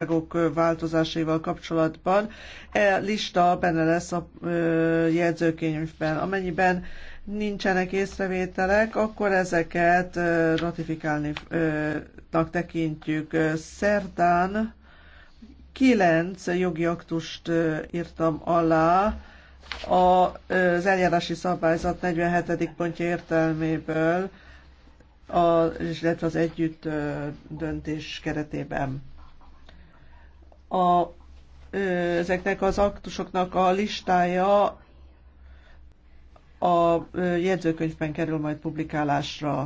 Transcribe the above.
országok változásaival kapcsolatban. E lista benne lesz a jegyzőkönyvben. Amennyiben nincsenek észrevételek, akkor ezeket ratifikálni tekintjük. Szerdán kilenc jogi aktust írtam alá az eljárási szabályzat 47. pontja értelméből, a, illetve az együtt döntés keretében a, ezeknek az aktusoknak a listája a jegyzőkönyvben kerül majd publikálásra.